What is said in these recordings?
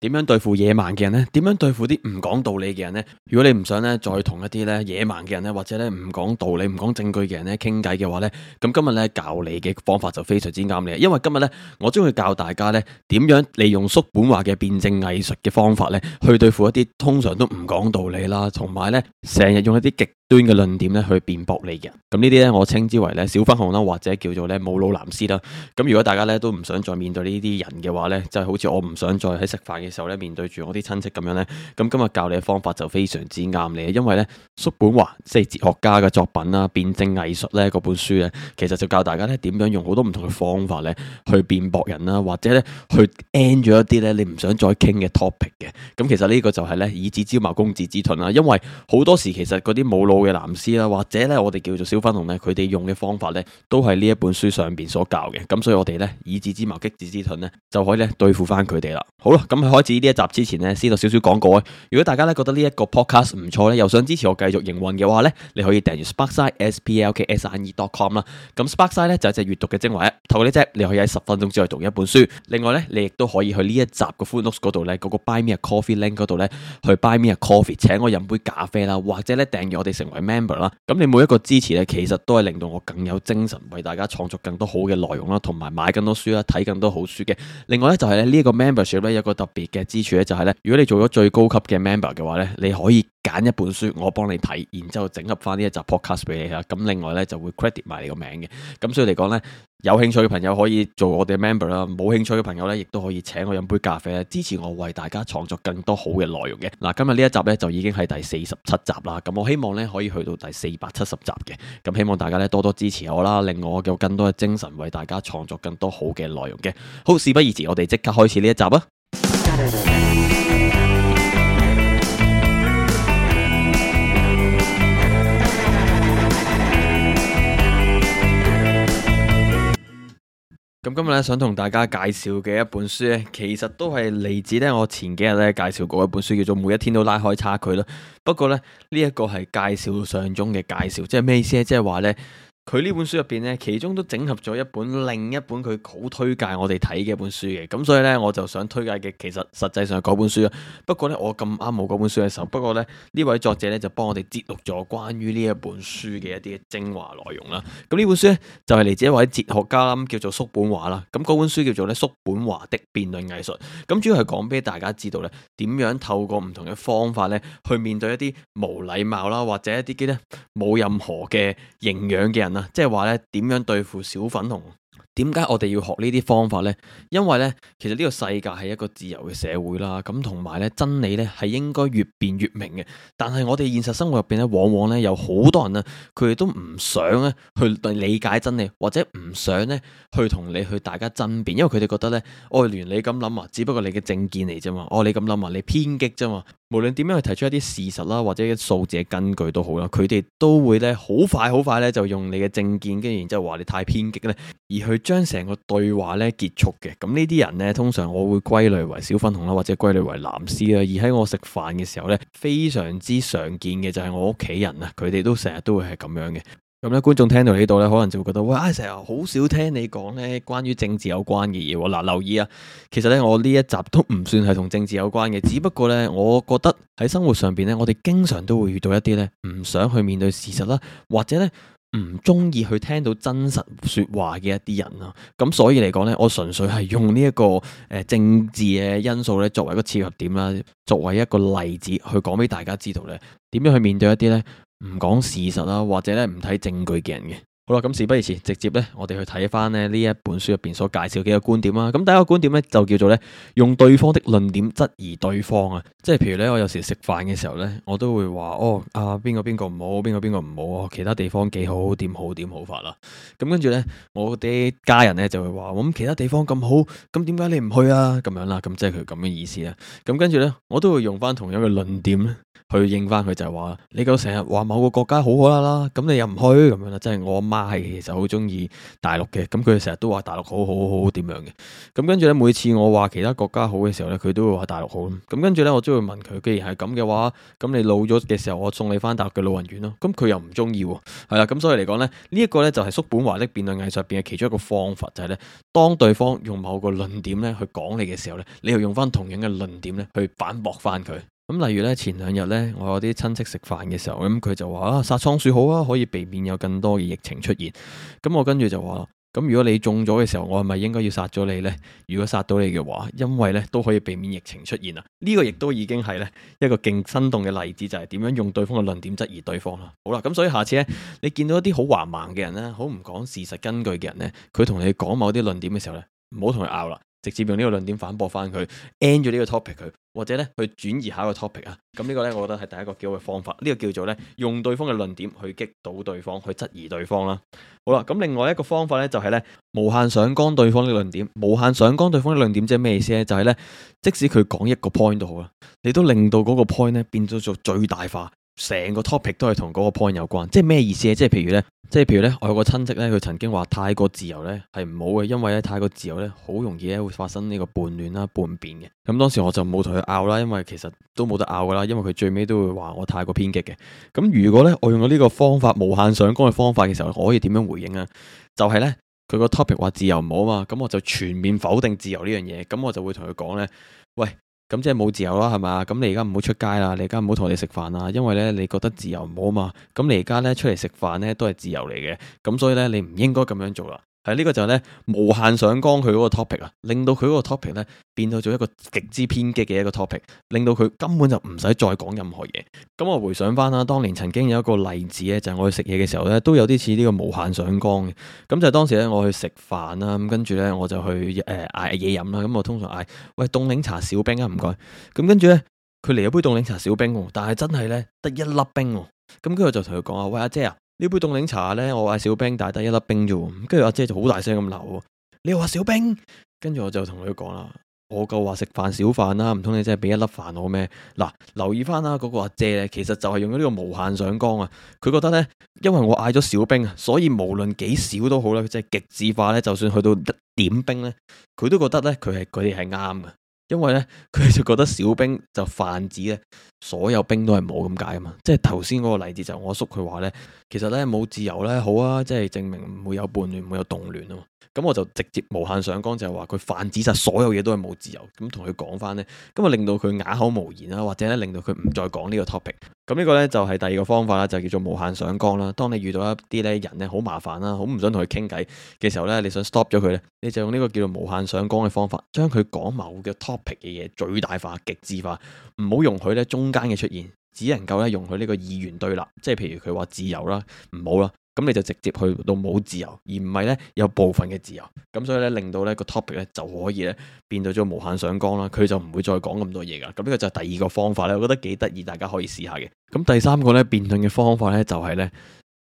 點樣對付野蠻嘅人呢？點樣對付啲唔講道理嘅人呢？如果你唔想咧再同一啲咧野蠻嘅人咧或者咧唔講道理、唔講證據嘅人咧傾偈嘅話呢，咁今日咧教你嘅方法就非常之啱你。因為今日咧我將會教大家咧點樣利用叔本華嘅辯證藝術嘅方法咧去對付一啲通常都唔講道理啦，同埋咧成日用一啲極。端嘅論點咧去辯駁你嘅。咁呢啲咧我稱之為咧小粉紅啦，或者叫做咧冇腦藍絲啦。咁如果大家咧都唔想再面對呢啲人嘅話咧，就係、是、好似我唔想再喺食飯嘅時候咧面對住我啲親戚咁樣咧。咁今日教你嘅方法就非常之啱你，因為咧叔本華即係哲學家嘅作品啦，辯證藝術咧嗰本書咧，其實就教大家咧點樣用好多唔同嘅方法咧去辯駁人啦，或者咧去 end 咗一啲咧你唔想再傾嘅 topic 嘅。咁其實呢個就係咧以子之矛攻子之盾啦，因為好多時其實嗰啲冇腦嘅男師啦，或者咧我哋叫做小粉紅咧，佢哋用嘅方法咧，都係呢一本書上邊所教嘅。咁所以我哋咧以子之矛擊子之盾咧，就可以咧對付翻佢哋啦。好啦，咁喺開始呢一集之前咧，先做少少廣告啊！如果大家咧覺得呢一個 podcast 唔錯咧，又想支持我繼續營運嘅話咧，你可以訂閱 sparkside splksr.com 啦。咁 sparkside 咧就係隻閱讀嘅精華啊，透過呢隻你可以喺十分鐘之內讀一本書。另外咧，你亦都可以去呢一集嘅 full notes 嗰度咧，嗰、嗰個 buy me a coffee link 嗰度咧，去 buy me a coffee，請我飲杯咖啡啦，或者咧訂閱我哋為 member 啦，咁你每一個支持咧，其實都係令到我更有精神，為大家創作更多好嘅內容啦，同埋買更多書啦，睇更多好書嘅。另外咧就係、是、呢一個 membership 咧有一個特別嘅之處咧就係、是、咧，如果你做咗最高級嘅 member 嘅話咧，你可以揀一本書我幫你睇，然之後整合翻呢一集 podcast 俾你啦。咁另外咧就會 credit 埋你個名嘅。咁、嗯、所以嚟講咧，有興趣嘅朋友可以做我哋嘅 member 啦，冇興趣嘅朋友咧亦都可以請我飲杯咖啡啦，支持我為大家創作更多好嘅內容嘅。嗱，今日呢一集咧就已經係第四十七集啦，咁我希望咧。可以去到第四百七十集嘅，咁希望大家咧多多支持我啦，令我有更多嘅精神為大家創作更多好嘅內容嘅。好，事不宜遲，我哋即刻開始呢一集啊！ 咁今日咧想同大家介紹嘅一本書咧，其實都係嚟自咧我前幾日咧介紹過一本書，叫做《每一天都拉開差距》啦。不過咧呢一個係介紹上中嘅介紹，即係咩意思咧？即係話咧。佢呢本書入邊呢，其中都整合咗一本另一本佢好推介我哋睇嘅一本書嘅，咁所以呢，我就想推介嘅，其實實際上係嗰本書啊。不過呢，我咁啱冇嗰本書嘅時候，不過呢，呢位作者呢就幫我哋節錄咗關於呢一本書嘅一啲精華內容啦。咁呢本書呢，就係嚟自一位哲學家啦，叫做叔本華啦。咁嗰本書叫做呢叔本華的辯論藝術。咁主要係講俾大家知道呢，點樣透過唔同嘅方法呢去面對一啲無禮貌啦，或者一啲嘅呢冇任何嘅營養嘅人。即係話咧，點樣對付小粉紅？點解我哋要學呢啲方法呢？因為呢，其實呢個世界係一個自由嘅社會啦。咁同埋呢，真理呢係應該越辯越明嘅。但係我哋現實生活入邊呢，往往呢有好多人呢，佢哋都唔想咧去理解真理，或者唔想呢去同你去大家爭辯，因為佢哋覺得呢，愛、哦、聯你咁諗啊，只不過你嘅政見嚟啫嘛。哦，你咁諗啊，你偏激啫嘛。無論點樣去提出一啲事實啦，或者一數字嘅根據都好啦，佢哋都會咧好快好快咧就用你嘅政見，跟住然之後話你太偏激咧，而去將成個對話咧結束嘅。咁呢啲人咧，通常我會歸類為小粉紅啦，或者歸類為藍絲啦。而喺我食飯嘅時候咧，非常之常見嘅就係我屋企人啊，佢哋都成日都會係咁樣嘅。咁咧、嗯，觀眾聽到呢度咧，可能就會覺得喂，阿成啊，好少聽你講咧關於政治有關嘅嘢。嗱、啊，留意啊，其實咧我呢一集都唔算係同政治有關嘅，只不過咧，我覺得喺生活上邊咧，我哋經常都會遇到一啲咧唔想去面對事實啦，或者咧唔中意去聽到真實說話嘅一啲人啊。咁、啊、所以嚟講咧，我純粹係用呢、這、一個誒、呃、政治嘅因素咧，作為一個切入點啦，作為一個例子去講俾大家知道咧，點樣去面對一啲咧。唔講事實啦，或者咧唔睇證據嘅人嘅。好啦，咁事不宜遲，直接咧我哋去睇翻咧呢一本書入邊所介紹幾個觀點啦。咁第一個觀點咧就叫做咧用對方的論點質疑對方啊。即係譬如咧，我有時食飯嘅時候咧，我都會話哦，啊邊個邊個唔好，邊個邊個唔好啊，其他地方幾好，點好點好法啦。咁跟住咧，我哋家人咧就會話，咁、嗯、其他地方咁好，咁點解你唔去啊？咁樣啦，咁即係佢咁嘅意思啦。咁跟住咧，我都會用翻同樣嘅論點咧。去應翻佢，就係話你夠成日話某個國家好好啦啦，咁你又唔去咁樣啦，即係我阿媽係其實好中意大陸嘅。咁佢成日都話大陸好好好點樣嘅，咁跟住咧每次我話其他國家好嘅時候咧，佢都會話大陸好咯，咁跟住咧我都會問佢，既然係咁嘅話，咁你老咗嘅時候我送你翻大陸嘅老人院咯，咁佢又唔中意係啦，咁所以嚟講咧，呢一個咧就係叔本華的辯論藝術入邊嘅其中一個方法，就係咧當對方用某個論點咧去講你嘅時候咧，你又用翻同樣嘅論點咧去反駁翻佢。咁例如咧，前兩日咧，我有啲親戚食飯嘅時候，咁佢就話啊，殺倉鼠好啊，可以避免有更多嘅疫情出現。咁我跟住就話，咁、啊、如果你中咗嘅時候，我係咪應該要殺咗你呢？如果殺到你嘅話，因為咧都可以避免疫情出現啊。呢、這個亦都已經係咧一個勁生動嘅例子，就係點樣用對方嘅論點質疑對方啦。好啦，咁所以下次咧，你見到一啲好橫蠻嘅人咧，好唔講事實根據嘅人咧，佢同你講某啲論點嘅時候咧，唔好同佢拗啦。直接用呢個論點反駁翻佢，end 住呢個 topic 佢，或者咧去轉移下一個 topic 啊。咁、這個、呢個咧，我覺得係第一個幾好嘅方法。呢、這個叫做咧，用對方嘅論點去擊倒對方，去質疑對方啦。好啦，咁另外一個方法咧，就係、是、咧，無限上綱對方嘅論點。無限上綱對方嘅論點即係咩意思咧？就係、是、咧，即使佢講一個 point 都好啦，你都令到嗰個 point 咧變咗做最大化。成個 topic 都係同嗰個 point 有關，即係咩意思啊？即係譬如呢，即係譬如呢，我有個親戚呢，佢曾經話太過自由呢係唔好嘅，因為咧太過自由呢，好容易咧會發生呢個叛亂啦、叛變嘅。咁、嗯、當時我就冇同佢拗啦，因為其實都冇得拗㗎喇，因為佢最尾都會話我太過偏激嘅。咁、嗯、如果呢，我用咗呢個方法、無限上綱嘅方法嘅時候，我可以點樣回應啊？就係、是、呢，佢個 topic 話自由唔好嘛，咁、嗯、我就全面否定自由呢樣嘢，咁、嗯、我就會同佢講呢。喂，咁即係冇自由啦，係嘛？咁你而家唔好出街啦，你而家唔好同我哋食飯啦，因為咧你覺得自由唔好嘛？咁你而家咧出嚟食飯咧都係自由嚟嘅，咁所以咧你唔應該咁樣做啦。係呢個就係咧無限上綱佢嗰個 topic 啊，令到佢嗰個 topic 咧變到做一個極之偏激嘅一個 topic，令到佢根本就唔使再講任何嘢。咁、嗯、我回想翻啦，當年曾經有一個例子咧，就係、是、我去食嘢嘅時候咧，都有啲似呢個無限上綱嘅。咁、嗯、就是、當時咧我去食飯啦，咁跟住咧我就去誒嗌嘢飲啦，咁、呃、我通常嗌喂凍檸茶少冰啊，唔該。咁跟住咧佢嚟咗杯凍檸茶少冰喎，但係真係咧得一粒冰喎。咁跟住我就同佢講啊，喂阿姐啊！呢杯凍檸茶呢，我嗌小冰但係得一粒冰啫，跟住阿姐就好大聲咁鬧。你又話小冰，跟住我就同佢講啦，我夠話食飯少飯啦、啊，唔通你真係俾一粒飯我咩？嗱，留意翻啦，嗰、那個阿姐呢，其實就係用咗呢個無限上綱啊。佢覺得呢，因為我嗌咗小冰啊，所以無論幾少都好啦，佢即係極致化呢，就算去到一點冰呢，佢都覺得呢，佢係佢哋係啱嘅。因為咧，佢就覺得小兵就泛指咧，所有兵都係冇咁解啊嘛。即係頭先嗰個例子就我叔佢話咧，其實咧冇自由咧好啊，即係證明唔會有叛亂，唔會有動亂啊嘛。咁我就直接無限上綱，就係話佢泛指晒所有嘢都係冇自由，咁同佢講翻呢，咁啊令到佢啞口無言啦，或者咧令到佢唔再講呢個 topic。咁呢個呢，就係第二個方法啦，就叫做無限上綱啦。當你遇到一啲咧人咧好麻煩啦，好唔想同佢傾偈嘅時候呢，你想 stop 咗佢呢，你就用呢個叫做無限上綱嘅方法，將佢講某個 topic 嘅嘢最大化、極致化，唔好容許咧中間嘅出現，只能夠咧容許呢個二元對立，即係譬如佢話自由啦，唔好啦。咁你就直接去到冇自由，而唔係呢，有部分嘅自由。咁所以呢，令到呢個 topic 呢就可以呢變到咗無限上綱啦。佢就唔會再講咁多嘢噶。咁呢個就係第二個方法呢，我覺得幾得意，大家可以試下嘅。咁第三個呢，辯論嘅方法呢，就係呢，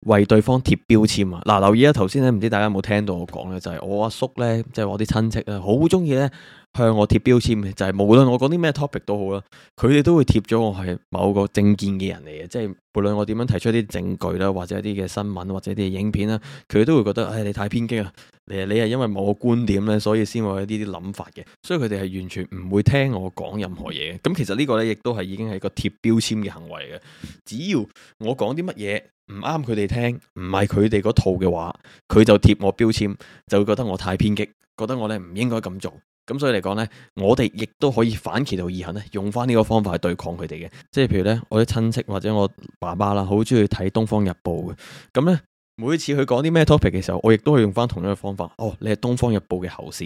為對方貼標籤啊！嗱，留意啊，頭先呢唔知大家有冇聽到我講呢，就係我阿叔呢，即係我啲親戚咧，好中意呢。向我貼標籤嘅就係、是、無論我講啲咩 topic 都好啦，佢哋都會貼咗我係某個政見嘅人嚟嘅，即係無論我點樣提出一啲證據啦，或者一啲嘅新聞或者啲影片啦，佢都會覺得誒、哎、你太偏激啊，你係因為某個觀點咧，所以先會有呢啲諗法嘅，所以佢哋係完全唔會聽我講任何嘢。咁其實個呢個咧亦都係已經係個貼標籤嘅行為嘅。只要我講啲乜嘢唔啱佢哋聽，唔係佢哋嗰套嘅話，佢就貼我標籤，就會覺得我太偏激，覺得我咧唔應該咁做。咁所以嚟講呢，我哋亦都可以反其道而行咧，用翻呢個方法去對抗佢哋嘅。即係譬如呢，我啲親戚或者我爸爸啦，好中意睇《東方日報》嘅。咁呢，每次佢講啲咩 topic 嘅時候，我亦都會用翻同樣嘅方法。哦，你係《東方日報》嘅喉舌，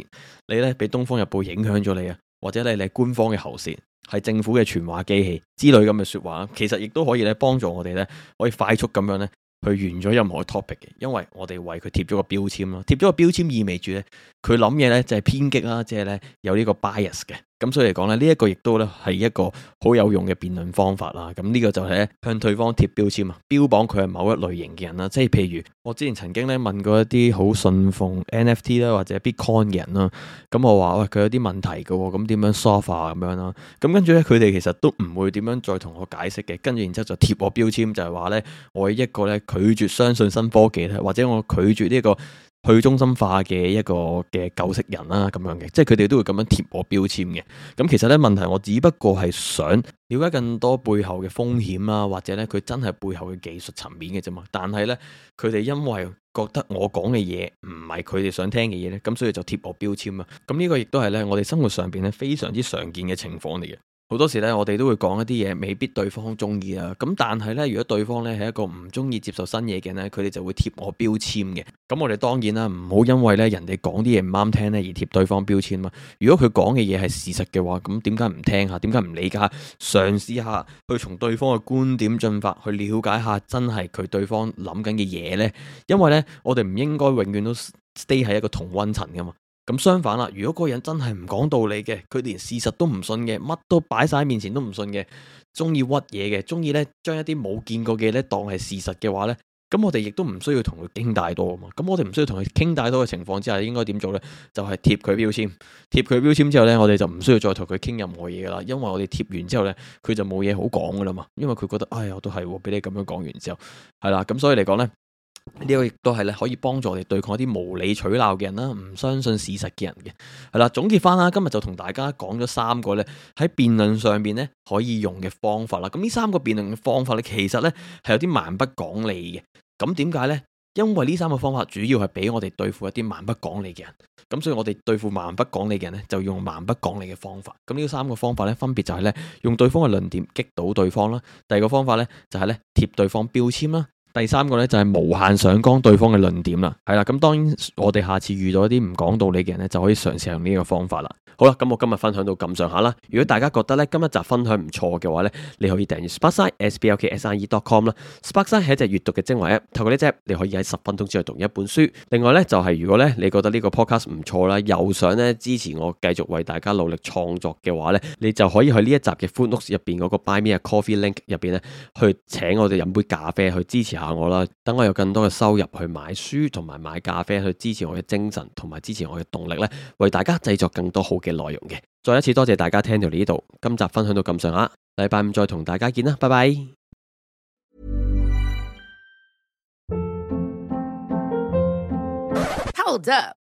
你呢俾《東方日報》影響咗你啊，或者咧你係官方嘅喉舌，係政府嘅傳話機器之類咁嘅說話，其實亦都可以咧幫助我哋呢，可以快速咁樣呢。佢完咗任何 topic 嘅，因為我哋為佢貼咗個標籤咯，貼咗個標籤意味住咧，佢諗嘢咧就係偏激啦，即係咧有呢個 bias 嘅。咁所以嚟講咧，呢、這個、一個亦都咧係一個好有用嘅辯論方法啦。咁、這、呢個就係向對方貼標籤啊，標榜佢係某一類型嘅人啦。即係譬如我之前曾經咧問過一啲好信奉 NFT 啦或者 Bitcoin 嘅人啦，咁我話喂，佢有啲問題㗎，咁點樣 solve 咁樣啦。咁跟住咧，佢哋其實都唔會點樣再同我解釋嘅。跟住然之後就貼我標籤，就係話咧我一個咧拒絕相信新科技咧，或者我拒絕呢、這個。去中心化嘅一個嘅舊式人啦，啊，咁樣嘅，即係佢哋都會咁樣貼我標籤嘅。咁其實咧問題，我只不過係想了解更多背後嘅風險啊，或者咧佢真係背後嘅技術層面嘅啫嘛。但係咧佢哋因為覺得我講嘅嘢唔係佢哋想聽嘅嘢咧，咁所以就貼我標籤啦。咁、這、呢個亦都係咧我哋生活上邊咧非常之常見嘅情況嚟嘅。好多時咧，我哋都會講一啲嘢，未必對方中意啊。咁但係咧，如果對方咧係一個唔中意接受新嘢嘅人咧，佢哋就會貼我標籤嘅。咁我哋當然啦，唔好因為咧人哋講啲嘢唔啱聽咧而貼對方標籤嘛。如果佢講嘅嘢係事實嘅話，咁點解唔聽下？點解唔理解？嘗試下去從對方嘅觀點進發，去了解下真係佢對方諗緊嘅嘢呢？因為咧，我哋唔應該永遠都 stay 喺一個同溫層噶嘛。咁相反啦，如果嗰個人真係唔講道理嘅，佢連事實都唔信嘅，乜都擺晒喺面前都唔信嘅，中意屈嘢嘅，中意咧將一啲冇見過嘅咧當係事實嘅話咧，咁我哋亦都唔需要同佢傾太多啊嘛。咁我哋唔需要同佢傾太多嘅情況之下，應該點做咧？就係貼佢標籤，貼佢標籤之後咧，我哋就唔需要再同佢傾任何嘢噶啦，因為我哋貼完之後咧，佢就冇嘢好講噶啦嘛，因為佢覺得，哎呀，都係俾你咁樣講完之後，係啦，咁所以嚟講咧。呢個亦都係咧，可以幫助我哋對抗一啲無理取鬧嘅人啦，唔相信事實嘅人嘅，係啦。總結翻啦，今日就同大家講咗三個咧喺辯論上邊咧可以用嘅方法啦。咁呢三個辯論嘅方法咧，其實咧係有啲蠻不講理嘅。咁點解呢？因為呢三個方法主要係俾我哋對付一啲蠻不講理嘅人。咁所以我哋對付蠻不講理嘅人咧，就用蠻不講理嘅方法。咁呢三個方法咧，分別就係咧用對方嘅論點擊倒對方啦。第二個方法咧，就係咧貼對方標籤啦。第三個咧就係無限上綱對方嘅論點啦，係啦，咁當然我哋下次遇到一啲唔講道理嘅人咧，就可以嘗試用呢個方法啦。好啦，咁我今日分享到咁上下啦。如果大家覺得咧今日集分享唔錯嘅話咧，你可以訂閱 Sparksine.com 啦。Sparksine 係一隻閱讀嘅精華 App，透過呢隻你可以喺十分鐘之內讀一本書。另外咧就係、是、如果咧你覺得呢個 podcast 唔錯啦，又想咧支持我繼續為大家努力創作嘅話咧，你就可以去呢一集嘅 Footnotes 入邊嗰個 Buy Me a Coffee Link 入邊咧，去請我哋飲杯咖啡去支持下。我啦，等我有更多嘅收入去買書同埋買咖啡去支持我嘅精神同埋支持我嘅動力咧，為大家製作更多好嘅內容嘅。再一次多謝大家聽到呢度，今集分享到咁上下，禮拜五再同大家見啦，拜拜。Hold